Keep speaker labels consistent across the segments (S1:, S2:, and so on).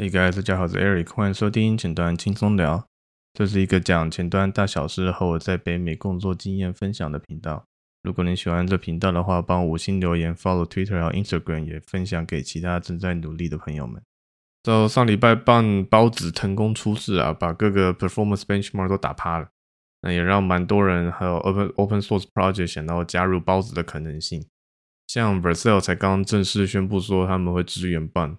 S1: Hey guys，大家好，我是 Eric，歡迎收聽前端輕鬆聊。這是一個講前端大小事和我在北美工作經驗分享的頻道。如果您喜歡這頻道的話，幫我五星留言，follow Twitter 和 Instagram，也分享給其他正在努力的朋友們。就、so, 上禮拜半，bun 包子成功出世啊，把各個 performance benchmark 都打趴了，那也讓蠻多人還有 open open source project 想到加入包子的可能性。像 Vercel 才剛正式宣布說他們會支援 bun。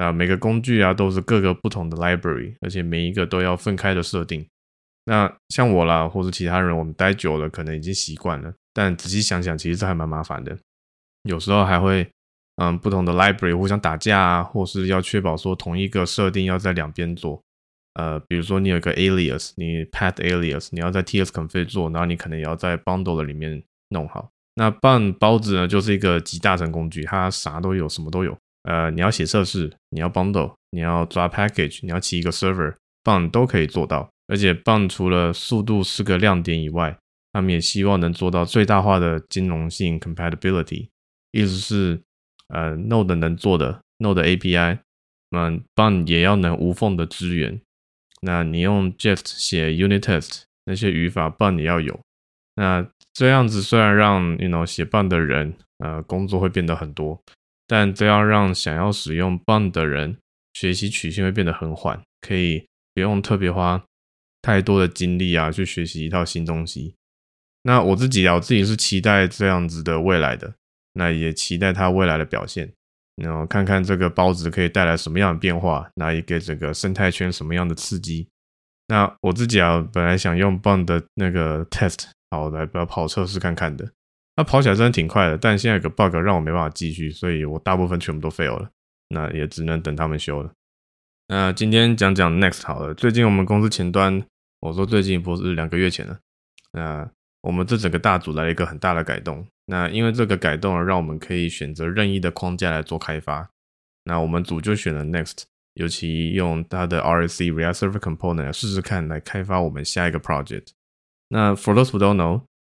S1: 啊、呃，每個工具啊都是各個不同的 library，而且每一個都要分開的設定。那像我啦，或是其他人，我們待久了可能已經習慣了，但仔細想想，其實這還蠻麻煩的。有時候還會，嗯，不同的 library 互相打架啊，或是要確保說同一個設定要在兩邊做。呃，比如說你有一個 alias，你 path alias，你要在 tsconfig 做，然後你可能也要在 bundle 的裡面弄好。那 bun 包子呢，就是一個集大成工具，它啥都有，什麼都有。呃，你要寫測試，你要 bundle，你要抓 package，你要起一個 server，bun 都可以做到。而且 bun 除了速度是個亮點以外，他們也希望能做到最大化的兼容性 compatibility，意思是呃 Node 能做的 Node API，那 bun 也要能無縫的支援。那你用 jest 寫 unit test 那些語法，bun 也要有。那這樣子雖然讓 u you know 寫 bun 的人，呃，工作會變得很多。但這要讓想要使用 bun 的人學習曲線會變得很緩，可以不用特別花太多的精力啊去學習一套新東西。那我自己啊，我自己是期待這樣子的未來的，那也期待它未來的表現，然後看看這個包子可以帶來什麼樣的變化，那也給整個生態圈什麼樣的刺激。那我自己啊，本來想用 bun 的那個 test，好來跑測試看看的。它跑起來真的挺快的，但現在有個 bug 讓我沒辦法繼續，所以我大部分全部都 fail 了。那也只能等他們修了。那今天講講 Next 好了。最近我們公司前端，我說最近不是兩個月前了。那我們這整個大組來了一個很大的改動。那因為這個改動，讓我們可以選擇任意的框架來做開發。那我們組就選了 Next，尤其用它的 RSC React Server Component 試試看，來開發我們下一個 project。那 For those who don't know。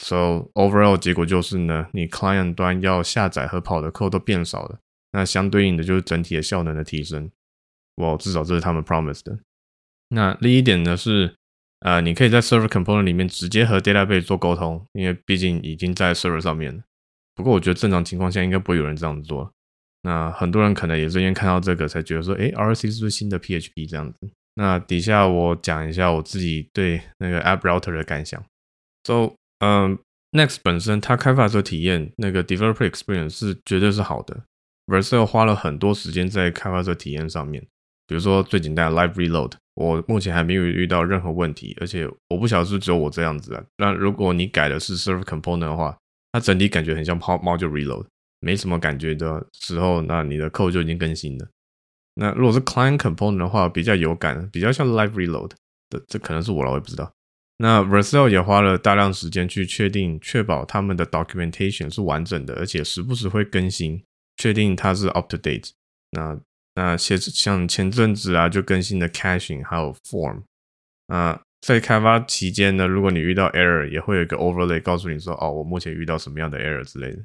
S1: So overall 結果就是呢，你 client 端要下載和跑的 code 都變少了。那相對應的就是整體的效能的提升。我、wow, 至少這是他們 promise 的。那另一點呢是，呃，你可以在 server component 裡面直接和 database 做溝通，因為畢竟已經在 server 上面了。不過我覺得正常情況下應該不會有人這樣子做。那很多人可能也最近看到這個才覺得說，誒 RC 是不是新的 PHP 這樣子？那底下我講一下我自己對那個 App Router 的感想。So 嗯、um，Next 本身它開發者體驗那個 Developer Experience 是絕對是好的，Vercel 花了很多時間在開發者體驗上面。比如說最簡單的 Live Reload，我目前還沒有遇到任何問題，而且我不曉得是只有我這樣子啊。那如果你改的是 Server Component 的話，它整體感覺很像 Hot Module Reload，沒什麼感覺的時候，那你的 code 就已經更新了。那如果是 Client Component 的話，比較有感，比較像 Live Reload 的，這可能是我了，我也不知道。那 Vercel 也花了大量時間去確定確保他們的 documentation 是完整的，而且時不時會更新，確定它是 up to date。那那像前陣子啊就更新的 caching 還有 form。那在開發期間呢，如果你遇到 error，也會有一個 overlay 告訴你說哦，我目前遇到什麼樣的 error 之類的。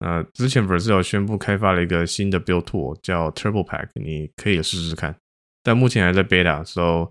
S1: 那之前 Vercel 宣布開發了一個新的 build tool 叫 Turbo Pack，你可以試試看，但目前還在 beta，so。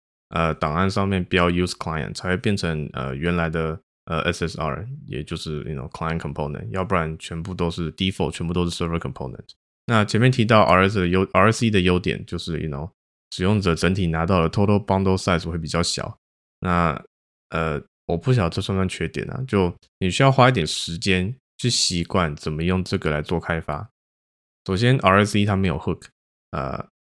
S1: 呃，檔案上面標 use client 才會變成呃原來的呃 SSR，也就是 you know client component，要不然全部都是 default，全部都是 server component。那前面提到 RSC 的優 RSC 的優點就是，you know，使用者整體拿到的 total bundle size 會比較小。那呃，我不曉得這算不算缺點呢、啊？就你需要花一點時間去習慣怎麼用這個來做開發。首先，RSC 它沒有 hook，呃。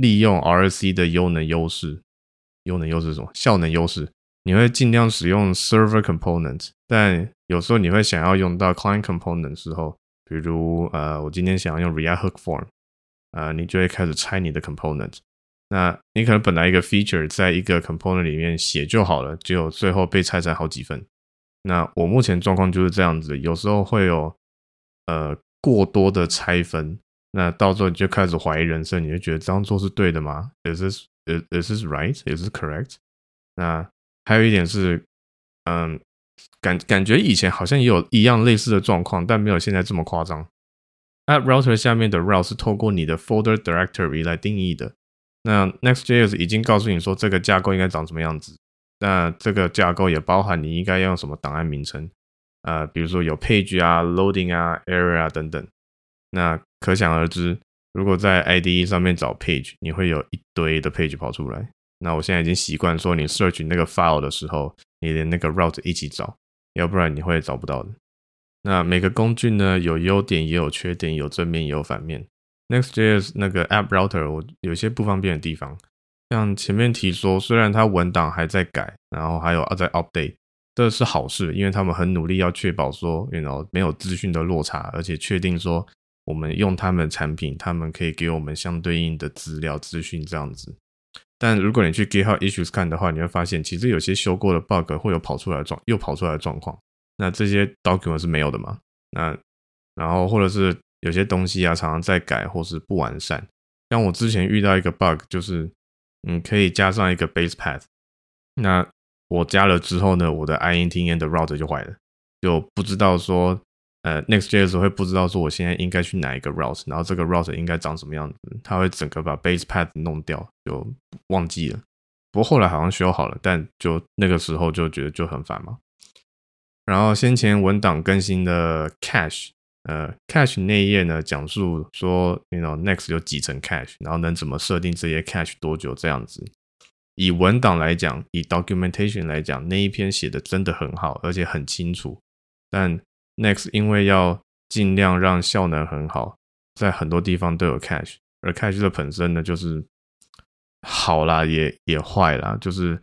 S1: 利用 RSC 的優能優勢，優能優勢是什麼？效能優勢。你會盡量使用 Server Component，但有時候你會想要用到 Client Component 的時候，比如呃，我今天想要用 React Hook Form，呃，你就會開始拆你的 Component。那你可能本來一個 feature 在一個 Component 裡面寫就好了，結果最後被拆成好幾份。那我目前狀況就是這樣子，有時候會有呃過多的拆分。那到時候你就開始懷疑人生，你就覺得這樣做是對的嗎？Is this is, is this right? Is this correct? 那還有一點是，嗯，感感覺以前好像也有一樣類似的狀況，但沒有現在這麼誇張。App Router 下面的 Route 是透過你的 Folder Directory 來定義的。那 Next.js 已經告訴你說這個架構應該長什麼樣子，那這個架構也包含你應該要用什麼檔案名稱，呃，比如說有 Page 啊、Loading 啊、Error 啊等等。那可想而知，如果在 IDE 上面找 page，你會有一堆的 page 跑出來。那我現在已經習慣說，你 search 那個 file 的時候，你連那個 route 一起找，要不然你會找不到的。那每個工具呢，有優點也有缺點，有正面也有反面。Next.js 那個 app router 我有些不方便的地方，像前面提說，雖然它文檔還在改，然後還有在 update，這是好事，因為他們很努力要確保說 you know, 沒有資訊的落差，而且確定說。我們用他們的產品，他們可以給我們相對應的資料、資訊這樣子。但如果你去 GitHub Issues 看的話，你會發現其實有些修過的 bug 會有跑出來的狀，又跑出來的狀況。那這些 document 是沒有的嗎？那然後或者是有些東西啊，常常在改或是不完善。像我之前遇到一個 bug，就是嗯，可以加上一個 base path。那我加了之後呢，我的 i18n 的 router 就壞了，就不知道說。呃，Next.js 的時候會不知道說我現在應該去哪一個 route，然後這個 route 應該長什麼樣子，它會整個把 base path 弄掉，就忘記了。不過後來好像修好了，但就那個時候就覺得就很煩嘛。然後先前文檔更新的 cache，呃，cache 那一頁呢，講述說，you know next 有幾層 cache，然後能怎麼設定這些 cache 多久這樣子。以文檔來講，以 documentation 來講，那一篇寫的真的很好，而且很清楚，但。Next，因為要盡量讓效能很好，在很多地方都有 cache，而 cache 的本身呢，就是好啦，也也壞啦，就是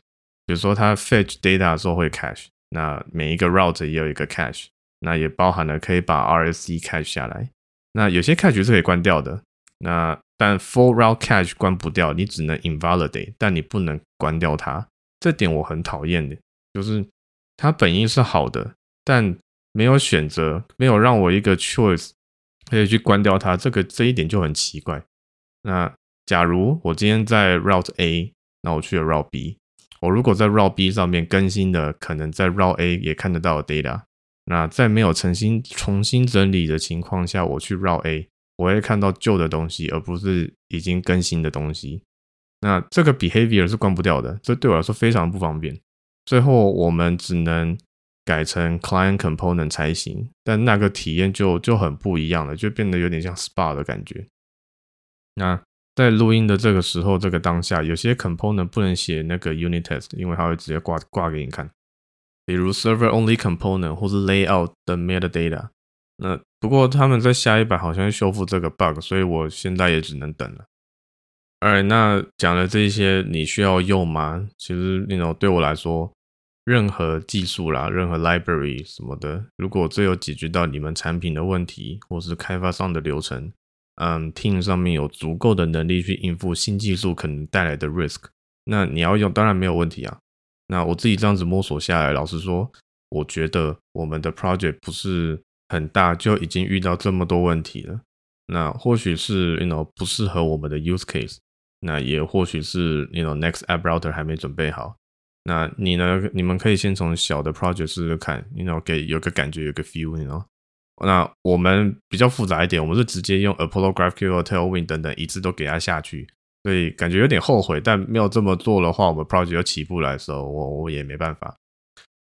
S1: 比如說它 fetch data 的時候會 cache，那每一個 route 也有一個 cache，那也包含了可以把 RSC cache 下來。那有些 cache 是可以關掉的，那但 full route cache 關不掉，你只能 invalidate，但你不能關掉它。這點我很討厭的，就是它本意是好的，但沒有選擇，沒有讓我一個 choice 可以去關掉它，這個這一點就很奇怪。那假如我今天在 Route A，那我去了 Route B，我如果在 Route B 上面更新的，可能在 Route A 也看得到的 data。那在沒有重新重新整理的情況下，我去 Route A，我會看到舊的東西，而不是已經更新的東西。那這個 behavior 是關不掉的，這對我來說非常不方便。最後我們只能改成 client component 才行，但那個體驗就就很不一樣了，就變得有點像 SPA 的感覺。那在錄音的這個時候、這個當下，有些 component 不能寫那個 unit test，因為它會直接掛掛給你看。比如 server only component 或是 layout 的 metadata。那不過他們在下一版好像要修復這個 bug，所以我現在也只能等了。哎，All right，那講了這些你需要用嗎？其實那種 you know, 對我來說。任何技術啦，任何 library 什麼的，如果最後解決到你們產品的問題，或是開發上的流程，嗯，um，team 上面有足夠的能力去應付新技術可能帶來的 risk，那你要用當然沒有問題啊。那我自己這樣子摸索下來，老實說，我覺得我們的 project 不是很大，就已經遇到這麼多問題了。那或許是 you know 不適合我們的 use case，那也或許是 you know next app router 還沒準備好。那你呢？你們可以先從小的 project 試試看，u you know 給、okay，有個感覺，有個 feeling you know？那我們比較複雜一點，我們是直接用 Apollo GraphQL、Tailwind 等等，一次都給它下去，所以感覺有點後悔。但沒有這麼做的話，我們 project 有起步來的時候，我我也沒辦法。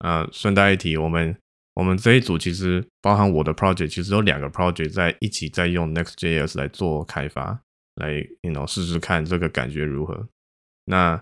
S1: 那、呃、順帶一提，我們我們這一組其實包含我的 project，其實有兩個 project 在一起在用 Next.js 來做開發，來你 you know 試試看這個感覺如何。那。